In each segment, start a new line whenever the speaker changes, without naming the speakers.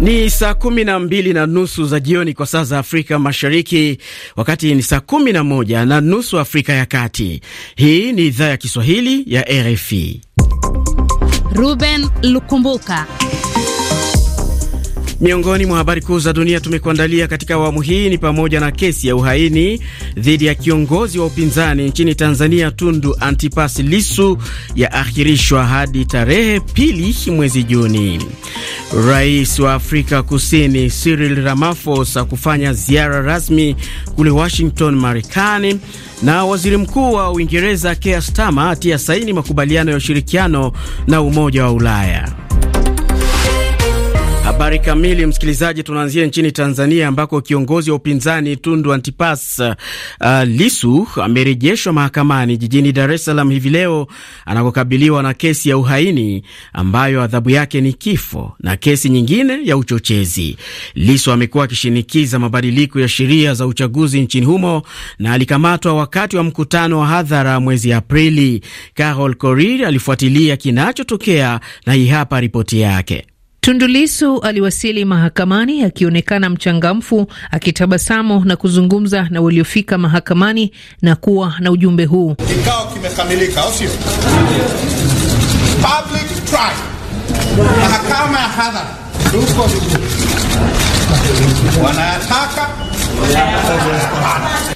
Ni saa kumi na mbili na nusu za jioni kwa saa za Afrika Mashariki, wakati ni saa kumi na moja na nusu Afrika ya Kati. Hii ni idhaa ya Kiswahili ya RFI.
Ruben Lukumbuka
Miongoni mwa habari kuu za dunia tumekuandalia katika awamu hii ni pamoja na kesi ya uhaini dhidi ya kiongozi wa upinzani nchini Tanzania Tundu Antipas ya yaahirishwa hadi tarehe pili mwezi Juni. Rais wa Afrika Kusini Cyril Ramaphosa kufanya ziara rasmi kule Washington, Marekani, na waziri mkuu wa Uingereza Keir Starmer atia saini makubaliano ya ushirikiano na Umoja wa Ulaya. Habari kamili, msikilizaji, tunaanzia nchini Tanzania ambako kiongozi wa upinzani Tundu Antipas uh, Lisu amerejeshwa mahakamani jijini Dar es Salaam hivi leo anakokabiliwa na kesi ya uhaini ambayo adhabu yake ni kifo na kesi nyingine ya uchochezi. Lisu amekuwa akishinikiza mabadiliko ya sheria za uchaguzi nchini humo na alikamatwa wakati wa mkutano wa hadhara mwezi Aprili. Carol Korir alifuatilia kinachotokea na hii hapa ripoti yake.
Tundulisu aliwasili mahakamani akionekana mchangamfu, akitabasamu na kuzungumza na waliofika mahakamani na kuwa na ujumbe huu:
kikao kimekamilika, au sio? Public trial, mahakama ya hadhara, tuko vizuri,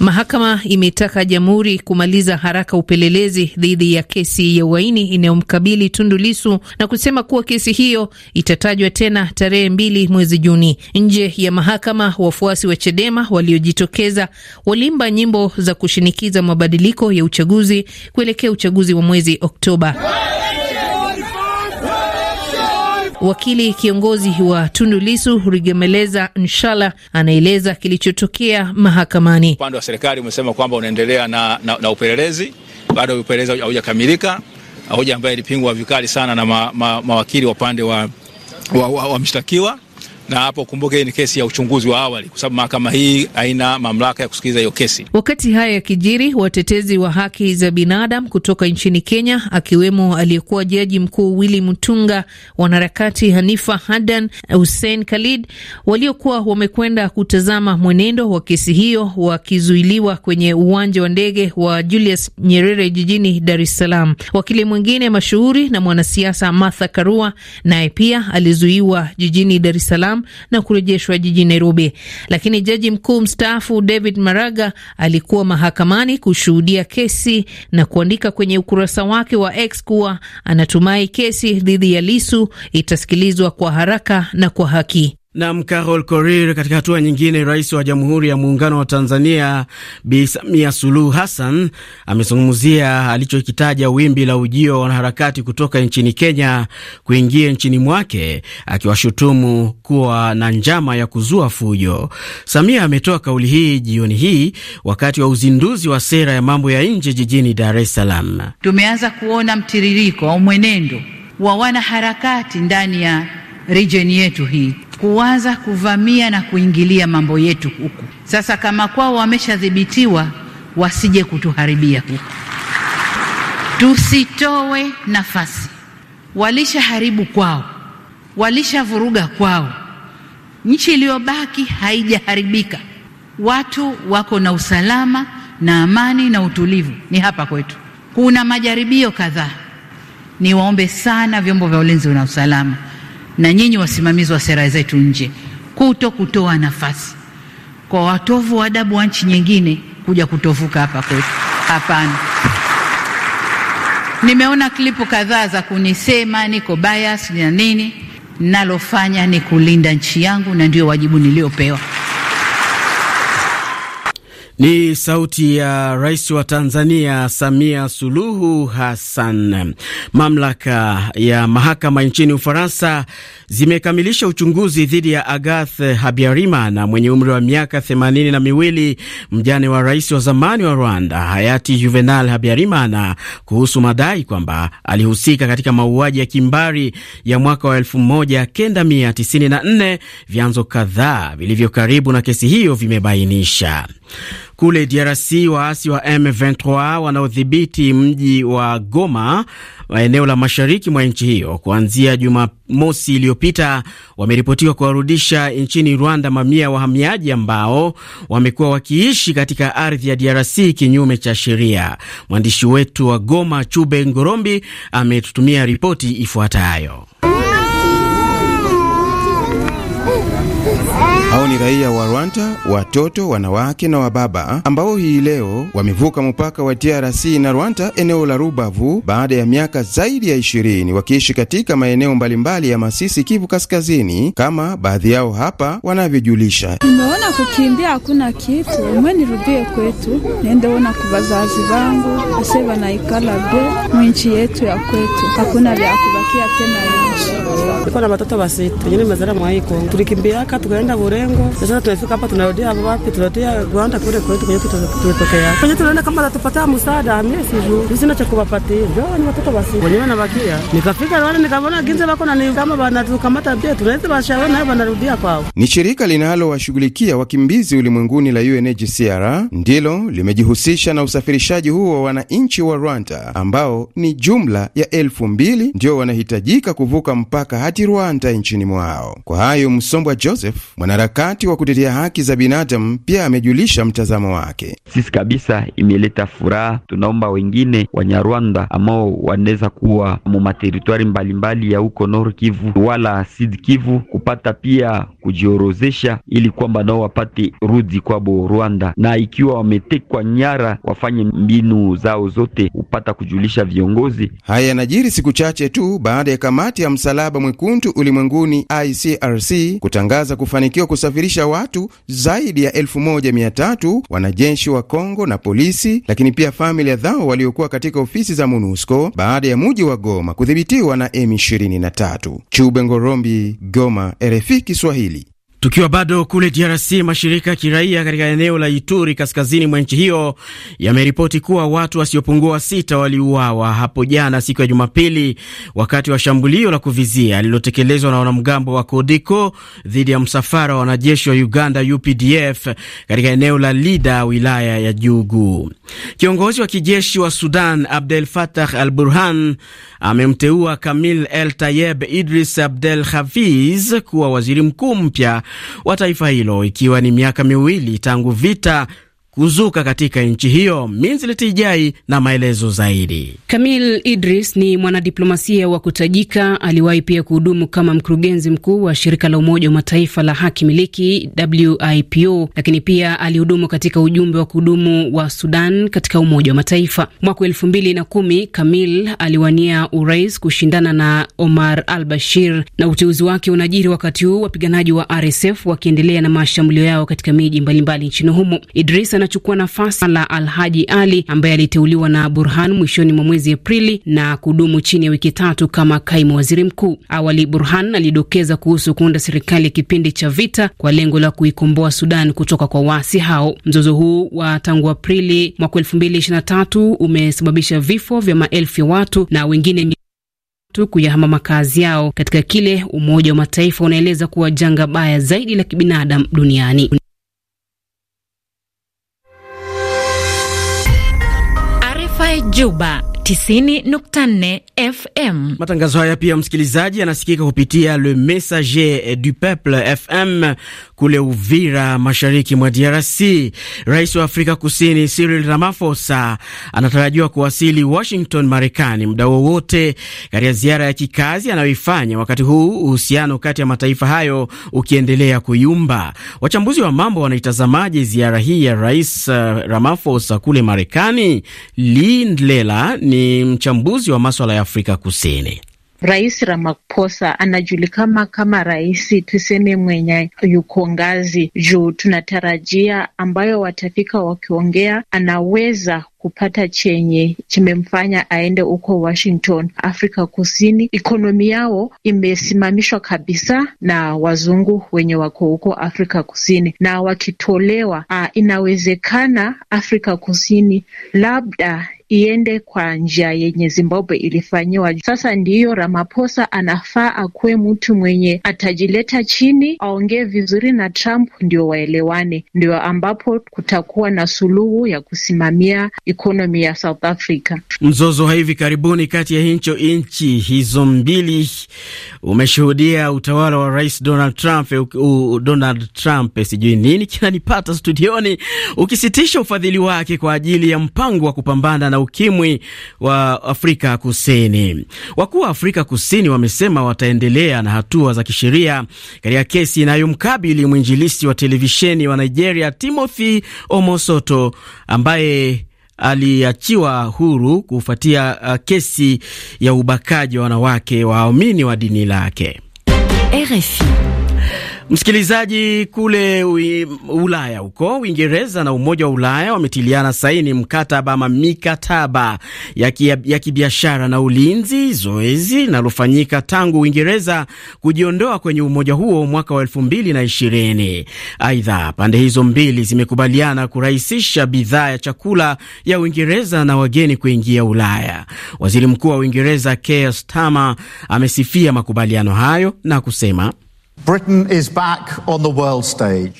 Mahakama imetaka jamhuri kumaliza haraka upelelezi dhidi ya kesi ya uhaini inayomkabili Tundu Lisu na kusema kuwa kesi hiyo itatajwa tena tarehe mbili mwezi Juni. Nje ya mahakama, wafuasi wa Chadema waliojitokeza waliimba nyimbo za kushinikiza mabadiliko ya uchaguzi kuelekea uchaguzi wa mwezi Oktoba. Wakili kiongozi wa Tundu Lisu Rigemeleza Nshala anaeleza kilichotokea mahakamani.
Upande wa serikali umesema kwamba unaendelea na, na, na upelelezi, bado upelelezi haujakamilika, hoja ambayo ilipingwa vikali sana na ma, ma, mawakili wa upande wa, wa, wa, wa mshtakiwa na hapo kumbuke, ni kesi ya uchunguzi wa awali, kwa sababu mahakama hii haina mamlaka ya kusikiliza hiyo kesi.
Wakati haya yakijiri, watetezi wa haki za binadamu kutoka nchini Kenya, akiwemo aliyekuwa jaji mkuu Willy Mutunga, wanaharakati Hanifa Hadan, Hussein Khalid, waliokuwa wamekwenda kutazama mwenendo wa kesi hiyo, wakizuiliwa kwenye uwanja wa ndege wa Julius Nyerere jijini Dar es Salaam. Wakili mwingine mashuhuri na mwanasiasa Martha Karua naye pia alizuiwa jijini Dar es Salaam na kurejeshwa jijini Nairobi. Lakini jaji mkuu mstaafu David Maraga alikuwa mahakamani kushuhudia kesi na kuandika kwenye ukurasa wake wa X kuwa anatumai kesi dhidi ya Lisu itasikilizwa kwa haraka na kwa haki.
Nam Carol Korir. Katika hatua nyingine, rais wa Jamhuri ya Muungano wa Tanzania Bi Samia Suluhu Hassan amezungumzia alichokitaja wimbi la ujio wa wanaharakati kutoka nchini Kenya kuingia nchini mwake, akiwashutumu kuwa na njama ya kuzua fujo. Samia ametoa kauli hii jioni hii wakati wa uzinduzi wa sera ya mambo ya nje jijini Dar es Salaam.
Tumeanza kuona mtiririko au mwenendo wa wanaharakati ndani ya region yetu hii kuanza kuvamia na kuingilia mambo yetu huku. Sasa kama kwao wameshadhibitiwa, wasije kutuharibia huku, tusitowe nafasi. Walishaharibu kwao, walishavuruga kwao, nchi iliyobaki haijaharibika, watu wako na usalama na amani na utulivu, ni hapa kwetu. Kuna majaribio kadhaa. Niwaombe sana vyombo vya ulinzi na usalama na nyinyi wasimamizi wa sera zetu nje, kuto kutoa nafasi kwa watovu wa adabu wa nchi nyingine kuja kutovuka hapa kwetu. Hapana. Nimeona klipu kadhaa za kunisema niko bias na nini. Nalofanya ni kulinda nchi yangu, na ndio wajibu niliopewa.
Ni sauti ya rais wa Tanzania Samia Suluhu Hassan. Mamlaka ya mahakama nchini Ufaransa zimekamilisha uchunguzi dhidi ya Agath Habyarimana mwenye umri wa miaka themanini na miwili, mjane wa rais wa zamani wa Rwanda hayati Juvenal Habyarimana kuhusu madai kwamba alihusika katika mauaji ya kimbari ya mwaka wa 1994, vyanzo kadhaa vilivyo karibu na kesi hiyo vimebainisha. Kule DRC waasi wa M23 wanaodhibiti mji wa Goma wa eneo la mashariki mwa nchi hiyo kuanzia Jumamosi iliyopita wameripotiwa kuwarudisha nchini Rwanda mamia ya wahamiaji ambao wamekuwa wakiishi katika ardhi ya DRC kinyume cha sheria. Mwandishi wetu wa Goma Chube Ngorombi ametutumia ripoti ifuatayo.
Hao ni raia wa Rwanda, watoto, wanawake na wababa ambao hii leo wamevuka mpaka wa DRC na Rwanda eneo la Rubavu baada ya miaka zaidi ya ishirini wakiishi katika maeneo mbalimbali ya Masisi, Kivu Kaskazini, kama baadhi yao hapa wanavyojulisha.
Nimeona kukimbia hakuna kitu, mwe nirudie kwetu, nendeona kuvazazi vangu ase vanaikala be mwinchi yetu ya kwetu, hakuna vya kubakia tena inchi.
Kuna watoto wasita, wengine mazara mwaiko, tulikimbiaka tukaenda bure malengo. Sasa tunafika hapa, tunarudia hapa, wapi tunarudia Rwanda kule kwetu kwenye tulitokea, kwenye tunaona kama natupatia msaada. Mimi sijui sina cha kuwapatia, ndio ni watoto basi wenyewe bakia. Nikafika Rwanda nikaona ginza wako na ni kama bana tukamata pia, tunaweza washauri nayo wanarudia kwao.
Ni shirika linalowashughulikia wakimbizi ulimwenguni la UNHCR ndilo limejihusisha na usafirishaji huo wa wananchi wa Rwanda ambao ni jumla ya elfu mbili ndio wanahitajika kuvuka mpaka hadi Rwanda nchini mwao. Kwa hayo Msombwa Joseph mwanara mwanaharakati wa kutetea haki za binadamu pia amejulisha mtazamo wake. Sisi kabisa imeleta furaha, tunaomba wengine Wanyarwanda ambao wanaweza kuwa mu materitwari mbalimbali ya huko nor Kivu wala Sud Kivu kupata pia kujiorozesha, ili kwamba nao wapate rudi kwabo Rwanda, na ikiwa wametekwa nyara wafanye mbinu zao zote hupata kujulisha viongozi. Haya yanajiri siku chache tu baada ya kamati ya Msalaba Mwekundu ulimwenguni ICRC kutangaza kufanikiwa kusafirisha watu zaidi ya elfu moja mia tatu wanajeshi wa Kongo na polisi, lakini pia familia zao waliokuwa katika ofisi za MONUSCO baada ya muji wa Goma kudhibitiwa na M23. Chube Ngorombi, Goma,
RFI Kiswahili. Tukiwa bado kule DRC, mashirika ya kiraia katika eneo la Ituri kaskazini mwa nchi hiyo yameripoti kuwa watu wasiopungua sita waliuawa hapo jana siku ya Jumapili wakati wa shambulio la kuvizia lililotekelezwa na wanamgambo wa Kodiko dhidi ya msafara wa wanajeshi wa Uganda UPDF katika eneo la Lida, wilaya ya Jugu. Kiongozi wa kijeshi wa Sudan Abdel Fattah al Burhan amemteua Kamil El Tayeb Idris Abdel Hafiz kuwa waziri mkuu mpya wa taifa hilo, ikiwa ni miaka miwili tangu vita kuzuka katika nchi hiyo. Minzileti Ijai na maelezo zaidi.
Kamil Idris ni mwanadiplomasia wa kutajika, aliwahi pia kuhudumu kama mkurugenzi mkuu wa shirika la Umoja wa Mataifa la haki miliki WIPO, lakini pia alihudumu katika ujumbe wa kudumu wa Sudan katika Umoja wa Mataifa. Mwaka elfu mbili na kumi Kamil aliwania urais kushindana na Omar al Bashir, na uteuzi wake unajiri wakati huu wapiganaji wa RSF wakiendelea na mashambulio yao katika miji mbalimbali nchini humo. Idris anachukua nafasi la Alhaji Ali ambaye aliteuliwa na Burhan mwishoni mwa mwezi Aprili na kudumu chini ya wiki tatu kama kaimu waziri mkuu. Awali, Burhan alidokeza kuhusu kuunda serikali ya kipindi cha vita kwa lengo la kuikomboa Sudan kutoka kwa waasi hao. Mzozo huu wa tangu Aprili mwaka tatu umesababisha vifo vya maelfu ya watu na wengine kuyahama makazi yao katika kile Umoja wa Mataifa unaeleza kuwa janga baya zaidi la kibinadamu duniani. Juba. 90.4 FM.
Matangazo haya pia, msikilizaji, yanasikika kupitia Le Messager du Peuple FM kule Uvira, mashariki mwa DRC. Rais wa Afrika Kusini Cyril Ramaphosa anatarajiwa kuwasili Washington, Marekani muda wowote katika ziara ya kikazi anayoifanya wakati huu uhusiano kati ya mataifa hayo ukiendelea kuyumba. Wachambuzi wa mambo wanaitazamaje ziara hii ya Rais uh, Ramaphosa kule Marekani? Lindlela ni mchambuzi wa maswala ya Afrika Kusini.
Rais Ramaphosa anajulikana kama rais tuseme, mwenye yuko ngazi juu. Tunatarajia ambayo watafika wakiongea, anaweza kupata chenye chimemfanya aende huko Washington. Afrika Kusini ikonomi yao imesimamishwa kabisa na wazungu wenye wako huko Afrika Kusini, na wakitolewa, ah, inawezekana Afrika Kusini labda iende kwa njia yenye Zimbabwe ilifanyiwa. Sasa ndiyo Ramaphosa anafaa akuwe mtu mwenye atajileta chini, aongee vizuri na Trump ndio waelewane, ndio ambapo kutakuwa na suluhu ya kusimamia ikonomi ya South Africa.
Mzozo wa hivi karibuni kati ya hincho nchi hizo mbili umeshuhudia utawala wa Rais Donald Trump u, Donald Trump sijui nini kinanipata studioni, ukisitisha ufadhili wake kwa ajili ya mpango wa kupambana na ukimwi wa Afrika Kusini. Wakuu wa Afrika Kusini wamesema wataendelea na hatua za kisheria katika kesi inayomkabili mwinjilisti wa televisheni wa Nigeria Timothy Omosoto ambaye aliachiwa huru kufuatia uh, kesi ya ubakaji wa wanawake waamini wa dini lake. RFI. Msikilizaji, kule Ulaya huko Uingereza na Umoja wa Ulaya wametiliana saini mkataba ama mikataba ya kibiashara na ulinzi, zoezi linalofanyika tangu Uingereza kujiondoa kwenye umoja huo mwaka wa elfu mbili na ishirini. Aidha, pande hizo mbili zimekubaliana kurahisisha bidhaa ya chakula ya Uingereza na wageni kuingia Ulaya. Waziri Mkuu wa Uingereza Keir Starmer amesifia makubaliano hayo na kusema
Britain is back on the world stage.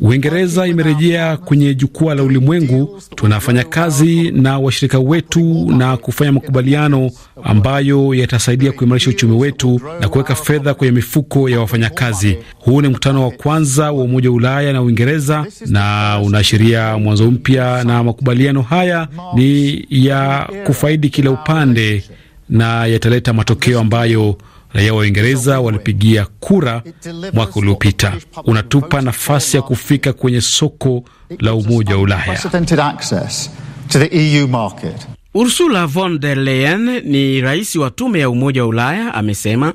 Uingereza imerejea kwenye jukwaa la ulimwengu. Tunafanya kazi na washirika wetu na kufanya makubaliano ambayo yatasaidia kuimarisha uchumi wetu na kuweka fedha kwenye mifuko ya wafanyakazi. Huu ni mkutano wa kwanza wa Umoja wa Ulaya na Uingereza na unaashiria mwanzo mpya, na makubaliano haya ni ya kufaidi kila upande na yataleta matokeo ambayo raia wa Uingereza walipigia kura mwaka uliopita, unatupa nafasi ya kufika kwenye soko la Umoja wa Ulaya.
E
Ursula von der Leyen ni rais wa tume ya Umoja wa Ulaya amesema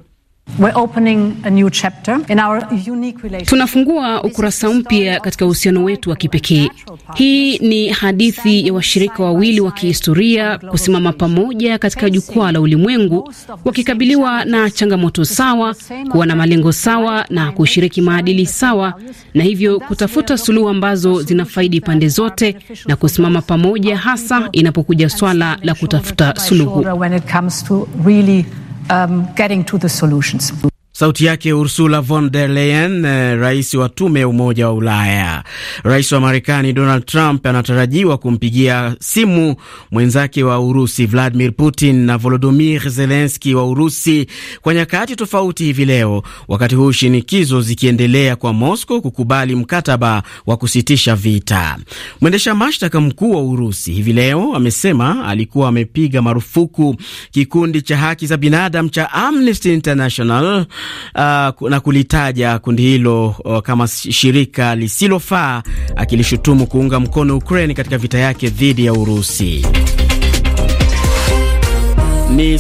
We're opening a new chapter in
our
unique relationship.
Tunafungua ukurasa mpya katika uhusiano wetu wa kipekee. Hii ni hadithi ya washirika wawili wa kihistoria kusimama pamoja katika jukwaa la ulimwengu, wakikabiliwa na changamoto sawa, kuwa na malengo sawa na kushiriki maadili sawa, na hivyo kutafuta suluhu ambazo zinafaidi pande zote na kusimama pamoja, hasa inapokuja swala la kutafuta suluhu. um, getting to the solutions.
Sauti yake Ursula von der Leyen, eh, rais wa tume ya Umoja wa Ulaya. Rais wa Marekani Donald Trump anatarajiwa kumpigia simu mwenzake wa Urusi Vladimir Putin na Volodimir Zelenski wa Urusi kwa nyakati tofauti hivi leo, wakati huu shinikizo zikiendelea kwa Moscow kukubali mkataba wa kusitisha vita. Mwendesha mashtaka mkuu wa Urusi hivi leo amesema alikuwa amepiga marufuku kikundi cha haki za binadamu cha Amnesty International uh, na kulitaja kundi hilo uh, kama shirika lisilofaa akilishutumu kuunga mkono Ukraine katika vita yake dhidi ya Urusi. Ni